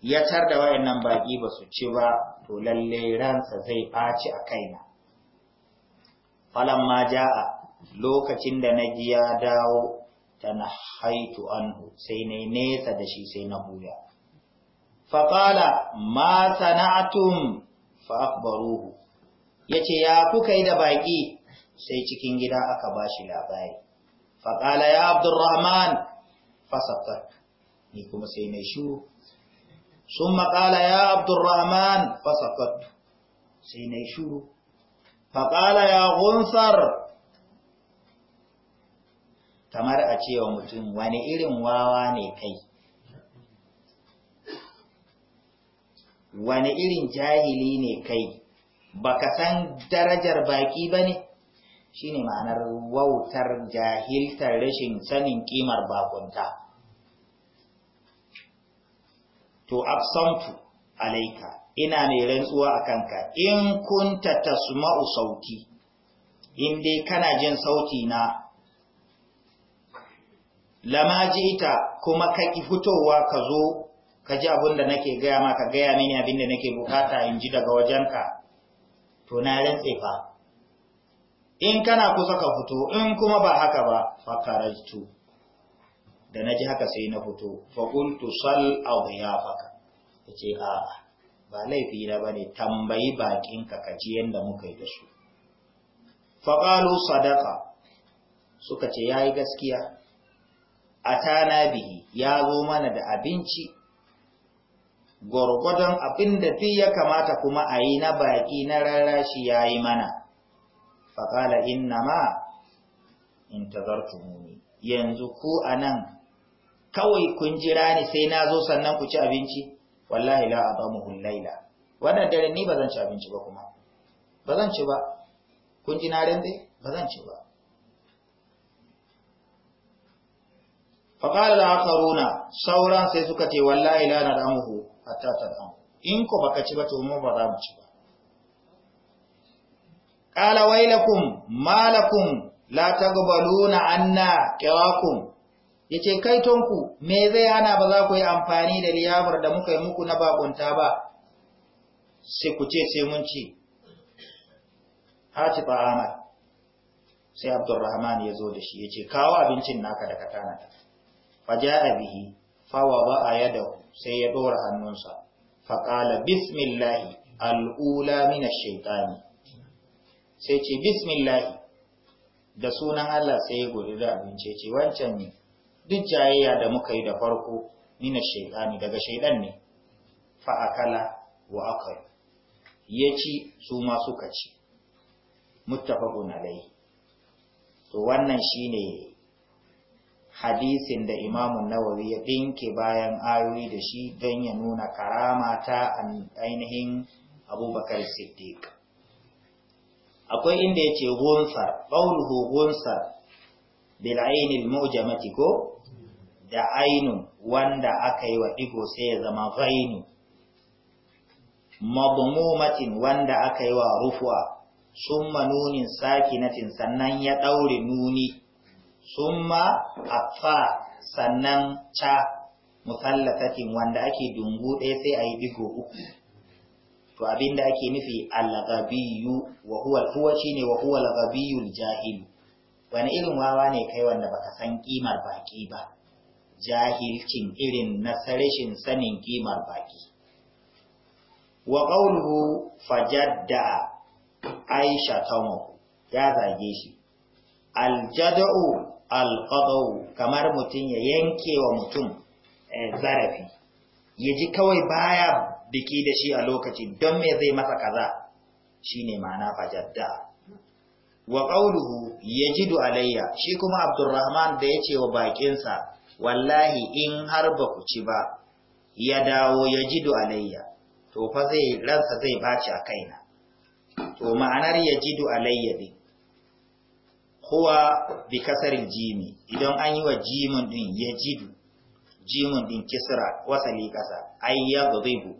S1: ya tar da wayannan baƙi ba su ci ba to lalle ransa zai ɓaci a kaina falamma ja'a lokacin da na ji ya dawo tana haitu anhu sai na nesa da shi sai na buya faƙala ma sana'atum fa akbaruhu ya ce ya kuka yi da baƙi sai cikin gida aka ba shi labari faƙala ya abdurrahman fasafak ni kuma sai mai shuru sun maƙala ya abdurrahman fasafak sai mai shuru faƙala ya gunsar kamar a cewa mutum wani irin wawa ne kai wani irin jahili ne kai baka san darajar baki ba ne shine ma'anar wautar jahiltar rashin sanin kimar bakunta to absamtu alaika ina mai rantsuwa a kanka in kunta tasma'u sauti in dai kana jin sauti na lama ita kuma ka ki fitowa ka zo ka ji abin da nake gaya ma ka gaya mini abin da nake bukata in ji daga wajenka to na rantse in kana kusa ka fito in kuma ba haka ba fakarajtu da naji haka sai na fito fa kuntu sal adiyafaka yace a ba laifi na bane tambayi bakin ka kaji yanda muka yi da su fa qalu sadaqa suka ce yayi gaskiya atana bihi ya zo mana da abinci gwargwadon abin da fi ya kamata kuma a yi na baƙi na rarashi ya yi mana, faƙala inna ma in tazartumuni yanzu ku anan kawai kun jira ni sai na zo sannan ku ci abinci wallahi la adamuhu laila wannan dare ni ba zan ci abinci ba kuma ba zan ci ba kun ji na rinde ba zan ci ba faƙala da akaruna sauran sai suka ce wallahi la na damuhu a ta damu in ko baka ci ba to mu ba za mu ci ba qala wailakum malakum la taqbaluna anna qirakum yace kai tonku me zai hana ba za ku yi amfani da liyabar da muka yi muku na bakunta ba sai ku ce sai mun ci hati ta'ama sai abdurrahman ya zo da shi yace kawo abincin naka da katana faja'a bihi fawa ya yada sai ya dora hannunsa Faƙala, bismillah al'ula mina shaitani sai ce bismillahi da sunan Allah sai ya gori da abinci ce wancan ne duk jayayya da muka yi da farko nina shaitani daga shaidan ne Fa kala wa akal ya ci su ma suka ci muttafaqun alai to wannan shine hadisin da Imam Nawawi ya dinke bayan ayoyi da shi don ya nuna karama ta ainihin Abubakar Siddiq akwai inda yace gunsa qawluhu gunsa bil al mujamati ko da ainun wanda aka yi wa digo sai ya zama ghainu madmumatin wanda aka yi wa rufu'a summa nunin sakinatin sannan ya daure nuni summa afa sannan ca musallatatin wanda ake dungu ɗaya sai a yi digo uku to abinda ake nufi al-ghabiyyu wa huwa huwa shine wa huwa al-ghabiyyul jahil wani irin wawa ne kai wanda baka san kimar baki ba jahilcin irin na sanin kimar baki wa qawluhu fajadda aisha tawo ya zage shi al jadu al qadaw kamar mutun ya yanke wa mutum eh, zarafi yaji kawai baya biki da shi a lokaci don me zai masa kaza shine ma'ana fajadda wa qawluhu yajidu alayya shi kuma abdurrahman da yace wa bakinsa wallahi in har ba ku ci ba ya dawo yajidu alayya to fa zai ransa zai baci a kaina to ma'anar yajidu alayya din huwa bi kasarin jimi idan an yi wa jimin din yajidu jimin din kisra wasali kasa zai bu.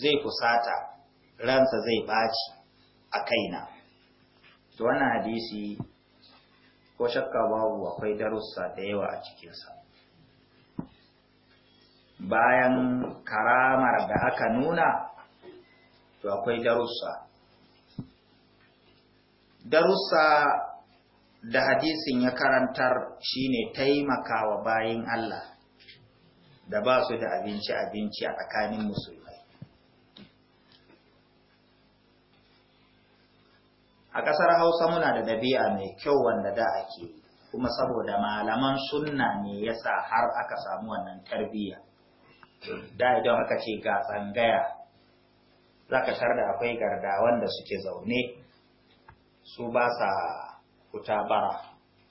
S1: zai kusata ransa zai ɓaci a kaina to wannan hadisi ko shakka babu akwai darussa da yawa a cikinsa bayan karamar da aka nuna to akwai darussa darussa da hadisin ya karantar shine taimakawa bayin Allah da ba su da abinci abinci a tsakanin musulmai a ƙasar hausa muna da dabi'a mai kyau wanda da ake kuma saboda malaman sunna ne yasa har aka samu wannan tarbiyya da idan aka ce ga tsangaya za ka da akwai garda wanda suke zaune su ba sa fita bara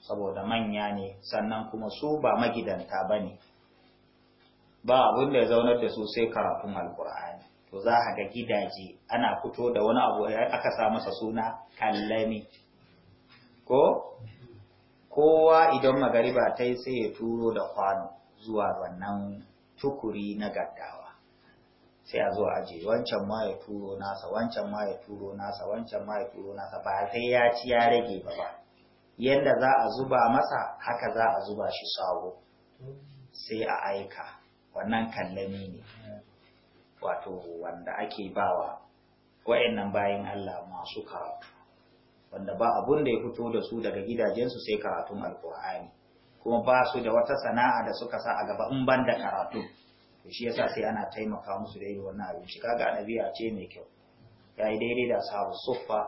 S1: saboda manya ne sannan kuma su ba magidanta ba ne ba abin da ya zaunar da su sai karatun alkur'ani to za a ga gidaje ana fito da wani abu eh, aka sa masa suna kallami ko kowa idan magariba ta yi sai ya turo da kwano zuwa wannan tukuri na gaddawa sai a zo aje wancan ma ya turo nasa wancan ma ya turo nasa wancan ma ya turo nasa ba sai ya ci ya rage ba ba yadda za a zuba masa haka za a zuba shi sawo sai a aika wannan kallami ne wato wanda ake bawa wa'annan bayan Allah masu karatu wanda ba abun da ya fito da su daga gidajensu sai karatun alkur'ani kuma ba su da wata sana'a da suka sa a gaba in ban da karatu to shi yasa sai ana taimaka musu da irin wannan abinci kaga annabiya ce mai kyau yayi daidai da sahabu suffa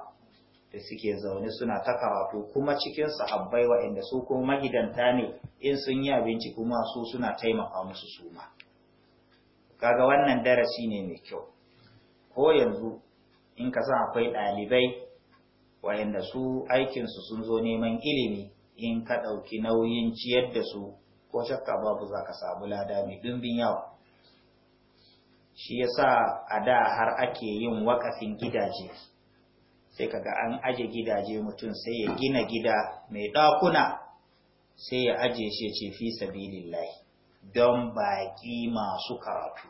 S1: da suke zaune suna ta karatu kuma cikin sahabbai waɗanda su kuma mahidanta ne in sun yi abinci kuma su suna taimaka musu suma. kaga wannan darasi ne mai kyau ko yanzu in ka san akwai ɗalibai wayanda su aikinsu sun zo neman ilimi in ka ɗauki nauyin ciyar da su ko shakka babu za ka samu lada mai ɗumbin yawa shi yasa a da har ake yin wakafin gidaje sai kaga an aje gidaje mutum sai ya gina gida mai ɗakuna sai ya aje shi ce fi sabilillahi don baki masu karatu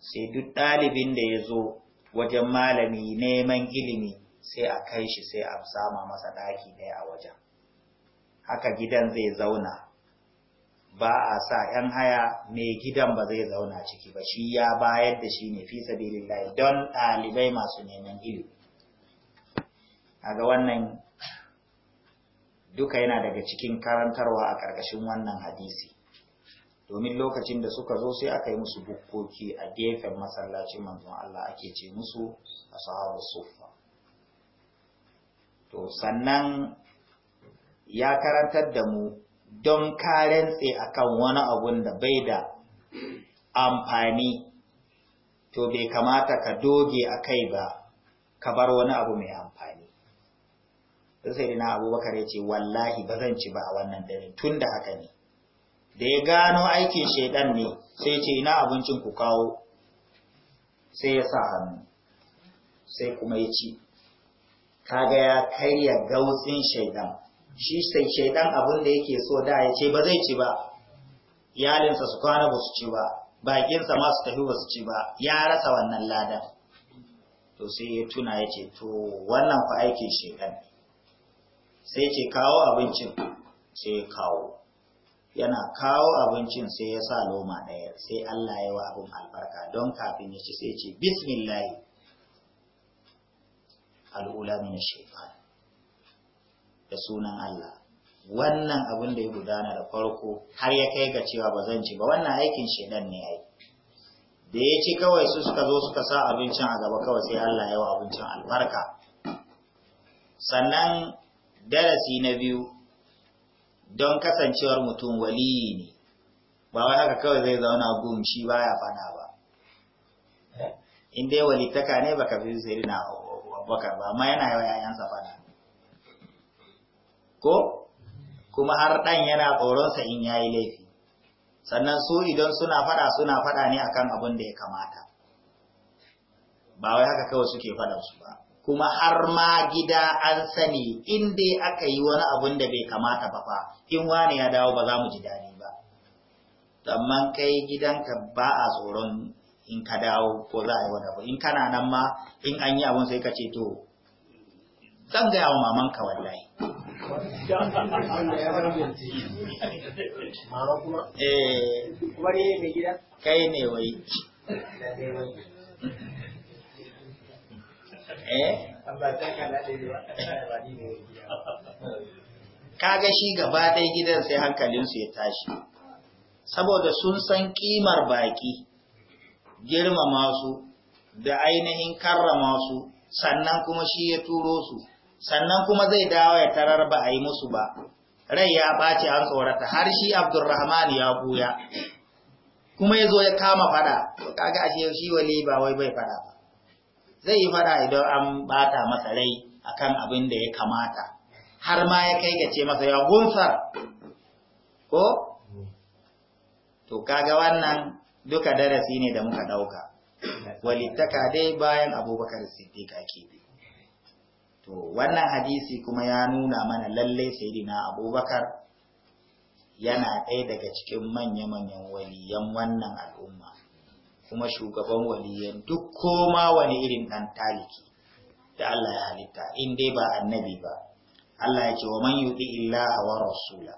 S1: sai duk ɗalibin da ya zo wajen malami neman ilimi sai a kai shi sai a sama masa ɗaki ɗaya a wajen haka gidan zai zauna ba a sa 'yan haya mai gidan ba zai zauna ciki ba shi ya bayar da shi ne fi sabilillahi don ɗalibai masu neman ilimi a wannan duka yana daga cikin karantarwa a ƙarƙashin wannan hadisi domin lokacin da suka zo sai aka yi musu bukkoki a gefen masallacin manzon Allah ake ce musu ashabu suffa to sannan ya karantar da mu don karentse akan wani abun da bai da amfani to bai kamata ka doge a kai ba ka bar wani abu mai amfani sai dina abubakar ya ce wallahi ba zan ci ba a wannan dare tun da haka ne da ya gano aikin shaidan ne sai ce ina abincin ku kawo sai ya sa hannu sai kuma ya ci kaga ya karya gautsin shaidan shi sai shaidan abin da yake so da ya ce ba zai ci ba iyalinsa su kwana ba su ci ba bakinsa ma su tafi ba su ci ba ya rasa wannan ladan to sai ya tuna ya ce to wannan fa aikin shaidan sai ce kawo abincin sai kawo yana kawo abincin sai ya sa loma ɗaya sai Allah ya wa abin albarka don kafin ya ci sai ce bismillahi al'ula min shaitan da sunan Allah wannan abin da ya gudana da farko har ya kai ga cewa ba zan ci ba wannan aikin shaidan ne yayi da ya ci kawai su suka zo suka sa abincin a gaba kawai sai Allah ya wa abincin albarka sannan darasi na biyu don kasancewar mutum waliyi ne ba wai haka kawai zai zauna gum shi baya fana ba in dai walittaka ne baka fi sai na abubakar ba amma yana yawa yayansa fana ko kuma har dan yana tsoronsa in yayi laifi sannan su idan suna fada suna fada ne akan abin da ya kamata ba wai haka kawai suke fada su ba kuma har ma gida an sani in dai aka yi wani abun da bai kamata ba fa in wani ya dawo ba za mu ji daɗi ba amma kai gidanka ba a tsoron in ka dawo ko za a yi wani abu in kana nan ma in an yi abun sai ka ce to zan gaya wa mamanka wallahi eh, kai ne wai Eh? kaga shi gaba ɗaya gidan sai hankalinsu ya tashi saboda sun san ƙimar baƙi girmama su da ainihin karrama su sannan kuma shi ya turo su sannan kuma zai dawo ya tarar ba a yi musu ba rai ya ɓace an tsorata har shi abdurrahman ya buya kuma ya zo ya kama fada kaga ashe shi wali ba wai bai fada ba zai yi faɗa idan an bata masa rai akan abin da ya kamata har ma ya kai gace masa ya gunsar ko to kaga wannan duka darasi ne da muka dauka walittaka dai bayan abubakar siddiq ake bi to wannan hadisi kuma ya nuna mana lalle sayyidina abubakar yana ɗaya daga cikin manya-manyan waliyan wannan al'umma kuma shugaban waliyan duk koma wani irin ɗan taliki da Allah ya halitta in dai ba annabi ba Allah ya ce wa man yuti illaha wa rasula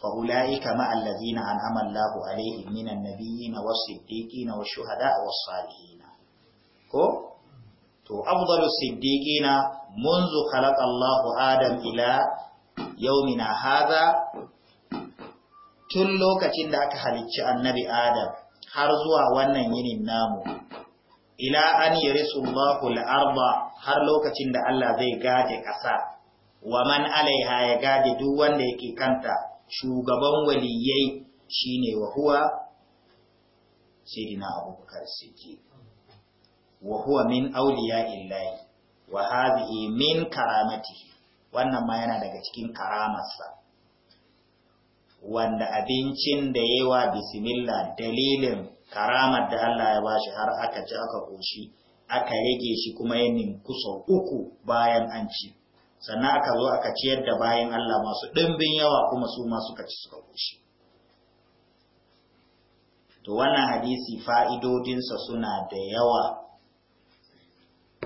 S1: fa ulaika ma allazina an'ama Allahu alaihim minan nabiyyin was siddiqin was shuhada was salihin ko to afdalu siddiqina منذ خلق الله آدم إلى يومنا هذا tun lokacin da aka halicci annabi Adam har zuwa wannan yinin namu ila an yarisullahu al-arda har lokacin da Allah zai gaje ƙasa wa man alaiha ya gaje duk wanda yake kanta shugaban waliyai shine wa huwa sayyidina Abubakar Siddiq wa huwa min illahi wa hadhihi min karamatihi wannan ma yana daga cikin karamarsa wanda abincin da yawa bismillah dalilin karamar da Allah ya bashi har aka ci aka koshi aka rage shi kuma ya ninku uku bayan an ci sannan aka zo aka ciyar da bayan Allah masu ɗimbin yawa kuma su ma suka ci suka koshi to wannan hadisi fa'idodinsa suna da yawa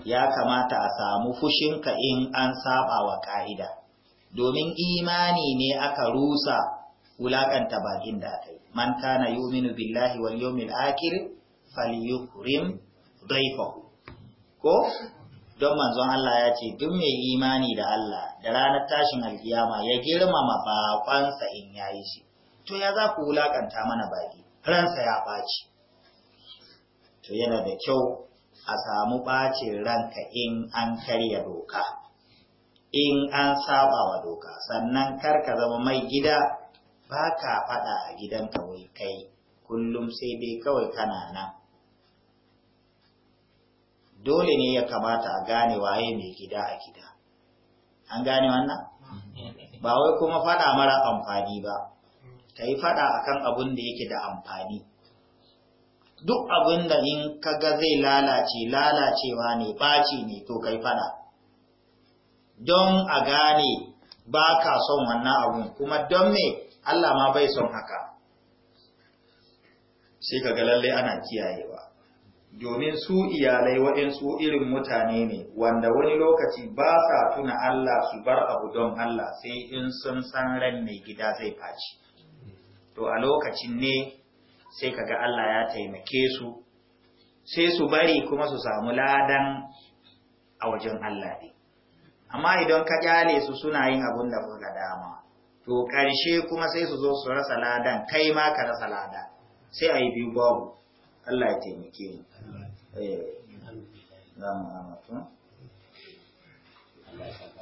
S1: ya kamata a samu fushinka in an saba wa ƙa'ida domin imani ne aka rusa wulakanta bakin da aka yi man kana yu'minu billahi wal yawmil akhir falyukrim dayfahu ko don manzon Allah ya ce duk mai imani da Allah da ranar tashin alkiyama ya girmama bakonsa in yayi shi to ya za ku wulakanta mana baki ransa ya ɓaci to yana da kyau a samu ɓacin ranka in an karya doka in an saba wa doka sannan karka zama mai gida ba ka faɗa a gidanka wai kai kullum sai dai kawai kana nan dole ne ya kamata a gane waye mai gida a gida an gane wannan ba wai kuma faɗa mara amfani ba ka yi faɗa kan abin da yake da amfani duk abin da in kaga zai lalace lalacewa ne baci ne to kai faɗa don a gane ba ka son wannan abun kuma don me Allah ma bai son haka sai ka ga lalle ana kiyayewa domin su iyalai waɗansu irin mutane ne wanda wani lokaci ba sa tuna Allah su bar abu don Allah sai in sun san ran mai gida zai faci to a lokacin ne sai kaga Allah ya taimake su sai su bari kuma su samu ladan a wajen Allah ne amma idan ka kyale su suna yin abun da ga dama to ƙarshe kuma sai su zo su rasa ladan kai ma ka rasa lada sai a yi biyu babu Allah ya taimake ni. Eh. za mu amatu Allah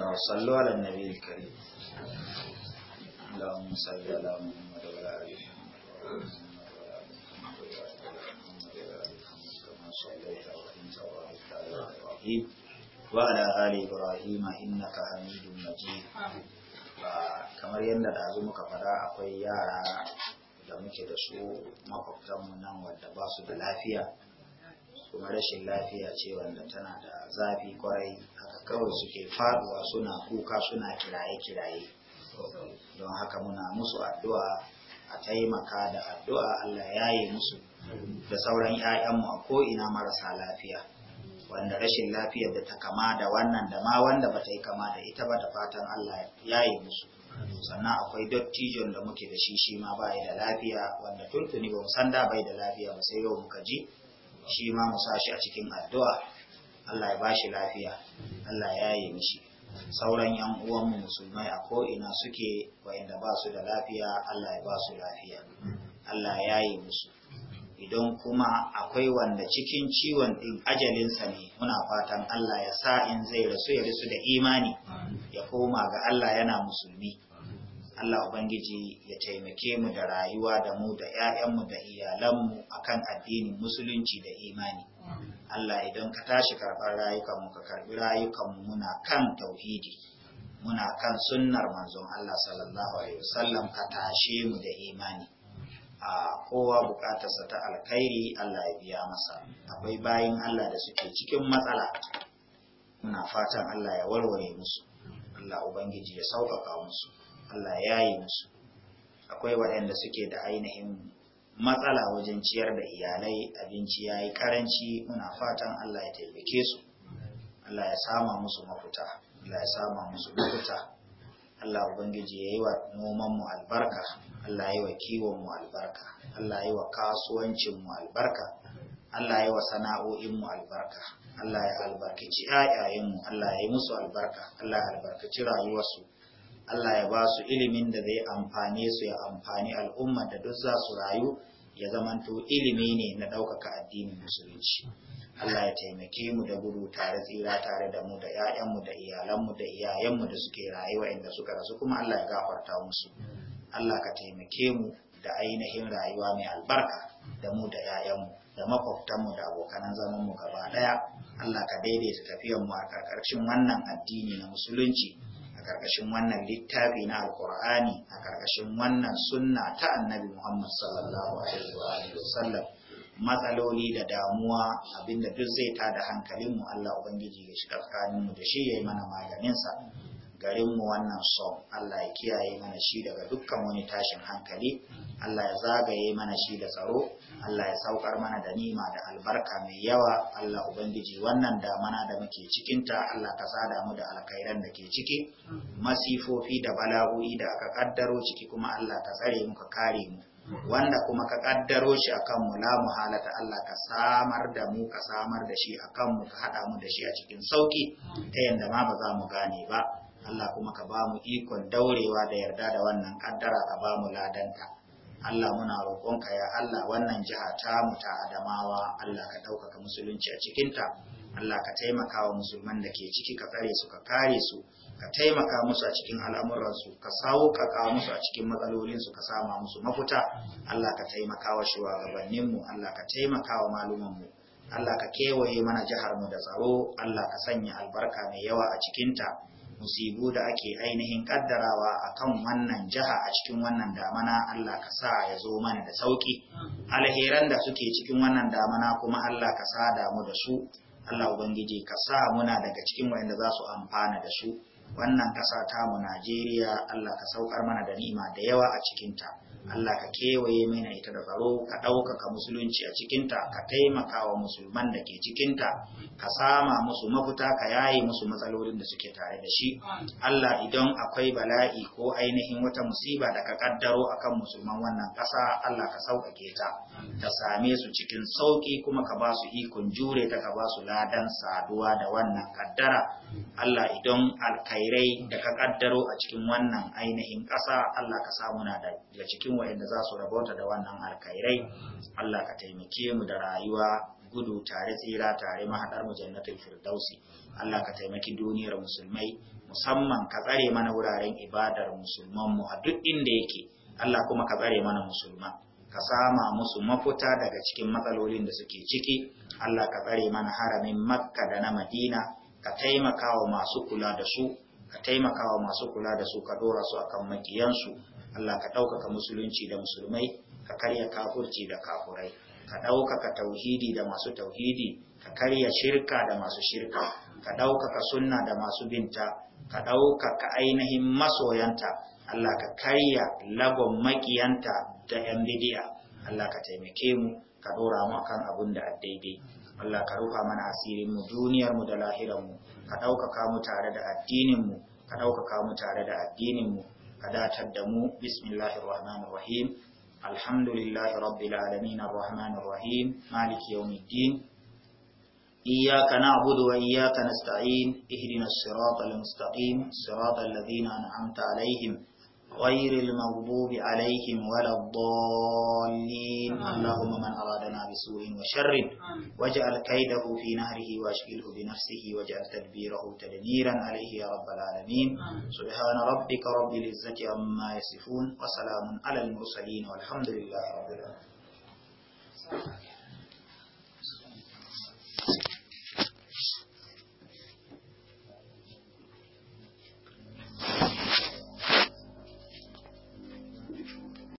S1: صلوا على النبي الكريم اللهم صل على محمد وعلى ال محمد وعلى ال ابراهيم انك حميد مجيد kamar yadda da zo muka fara akwai yara da muke da su makwabtanmu nan wadda ba su da lafiya kuma rashin lafiya ce wanda tana da zafi kwarai kawai suke faduwa suna kuka suna kiraye-kiraye don haka muna musu addu'a a taimaka da addu'a Allah ya yi musu da sauran ‘ya'yanmu a ko'ina marasa lafiya wanda rashin lafiyar da ta kama da wannan da ma wanda ba ta yi kama da ita ba da fatan Allah ya yi musu sannan akwai dottijon da muke da shi shi ma ba da lafiya wanda tuntuni ba san da bai da lafiya ba sai yau muka ji shi ma mu sashi a cikin addu'a Allah ya bashi lafiya Allah ya yi mishi sauran yan uwanmu musulmai a ina suke wayanda ba su da lafiya Allah ya ba su lafiya Allah ya yi musu idan kuma akwai wanda cikin ciwon ɗin ajalinsa ne muna fatan Allah ya sa in zai rasu ya rasu da imani ya koma ga Allah yana musulmi Allah Ubangiji ya taimake mu da rayuwa da mu da ‘ya'yanmu da iyalanmu akan addinin musulunci da imani. Allah idan ka tashi karɓar rayukan mu ka karɓi rayukanmu? muna kan tauhidi muna kan sunnar manzon Allah sallallahu alaihi wasallam ka tashe mu da imani a kowa bukatarsa ta alkhairi Allah ya biya masa akwai bayin Allah da suke cikin matsala muna fatan Allah ya warware musu Allah ubangiji ya sauƙaƙa musu Allah ya yi musu akwai waɗanda suke da ainihin matsala wajen ciyar da iyalai abinci ya yi karanci muna fatan Allah ya taimake su Allah ya sama musu mafuta Allah ya sama musu mafuta Allah ubangiji ya yi wa nomanmu albarka Allah ya yi wa kiwonmu albarka Allah ya yi wa kasuwancinmu albarka Allah ya yi wa sana'o'inmu albarka Allah ya albarkaci ‘ya'yayenmu Allah ya yi musu albarka Allah ya albarkaci rayuwarsu Allah ya ba su ilimin da zai amfane su ya amfani al'umma da duk za su rayu ya zamanto ilimi ne na ɗaukaka addinin musulunci Allah ya taimake mu da gudu tare tsira tare da mu da ‘ya'yanmu da iyalanmu da iyayenmu da suke rayuwa inda suka rasu kuma Allah ya gafarta musu Allah ka taimake mu da ainihin rayuwa mai albarka da mu da mu, da makwabtanmu da abokan zaman mu gaba ɗaya Allah ka daidaita tafiyanmu a ƙarƙashin wannan addini na musulunci karkashin wannan littafi na alkur'ani a karkashin wannan sunna ta annabi muhammad sallallahu alaihi wa sallam matsaloli da damuwa abinda duk zai ta hankalin hankalinmu allah ubangiji ya shi mu da shi ya yi mana maganinsa garinmu wannan son allah ya kiyaye mana shi daga dukkan wani tashin hankali allah ya zagaye mana shi da tsaro Allah ya saukar mana da nima da albarka mai yawa Allah Ubangiji wannan da mana da muke cikinta Allah ka sada mu da alkhairan da ke ciki masifofi da bala'o'i da aka kaddaro ciki kuma Allah ka tsare mu ka kare mu wanda kuma ka kaddaro shi akan mu la muhalata Allah ka samar da mu ka samar da shi akan mu, ka haɗa mu da shi a cikin sauki ta yanda ma ba za mu gane ba Allah kuma ka ba mu ikon daurewa da yarda da wannan kaddara ka ba mu ladanta Allah muna roƙonka ya Allah wannan jiha ta mu ta Adamawa Allah ka ɗaukaka musulunci a cikinta Allah ka taimaka wa musulman da ke ciki ka tsare su ka kare su ka taimaka musu a cikin al'amuransu ka ka musu a cikin matsalolin su ka sama musu mafuta Allah ka taimaka wa mu Allah ka taimaka wa mu Allah ka kewaye mana jihar mu da tsaro Allah ka sanya albarka mai yawa a cikinta musibu da ake ainihin kaddarawa a kan wannan jiha a cikin wannan damana Allah ka sa ya zo mana da sauƙi. alheran da suke cikin wannan damana kuma Allah ka sa damu da su Allah Ubangiji ka sa muna daga cikin waɗanda za su amfana da su wannan ƙasa tamu Najeriya Allah ka saukar mana da ni'ima da yawa a cikinta Allah ka kewaye mana ita da tsaro ka ɗaukaka musulunci a cikinta ka taimaka wa musulman da ke cikinta ka sama musu mafuta ka yaye musu matsalolin da suke tare da shi Allah idan akwai bala'i ko ainihin wata musiba da ka kaddaro akan musulman wannan ƙasa Allah ka sauƙaƙe ta ka same su cikin sauƙi kuma ka ba su ikon jure ta ka ba su ladan saduwa da wannan kaddara Allah idan alkhairai da ka kaddaro a cikin wannan ainihin ƙasa Allah ka samu na daga cikin cikin wa'anda za su rabota da wannan alkhairai Allah ka taimake mu da rayuwa gudu tare tsira tare mahaɗar mu jannatul firdausi Allah ka taimaki duniyar musulmai musamman ka tsare mana wuraren ibadar musulman mu a duk inda yake Allah kuma ka tsare mana musulman ka sama musu mafuta daga cikin matsalolin da suke ciki Allah ka tsare mana haramin Makka da na Madina ka taimaka wa masu kula da su ka taimaka wa masu kula da su ka dora su akan makiyansu Allah ka ɗaukaka musulunci da musulmai ka karya kafurci da kafurai ka ɗaukaka tauhidi da masu tauhidi ka karya shirka da masu shirka ka ɗaukaka sunna da masu binta ka ɗaukaka ainihin masoyanta Allah ka karya lagon makiyanta da yan bidiya Allah ka taimake mu ka ɗora mu kan abun da daidai Allah ka rufa mana asirin mu duniyar mu da lahiran mu ka ɗaukaka mu tare da addinin mu ka ɗaukaka mu tare da addinin mu قداتر دمو بسم الله الرحمن الرحيم الحمد لله رب العالمين الرحمن الرحيم مالك يوم الدين إياك نعبد وإياك نستعين إهدنا الصراط المستقيم صراط الذين أنعمت عليهم غير المغضوب عليهم ولا الضالين اللهم من أرادنا بسوء وشر واجعل كيده في نهره واشغله بنفسه واجعل تدبيره تدميرا عليه يا رب العالمين سبحان ربك رب العزة عما يصفون وسلام على المرسلين والحمد لله رب العالمين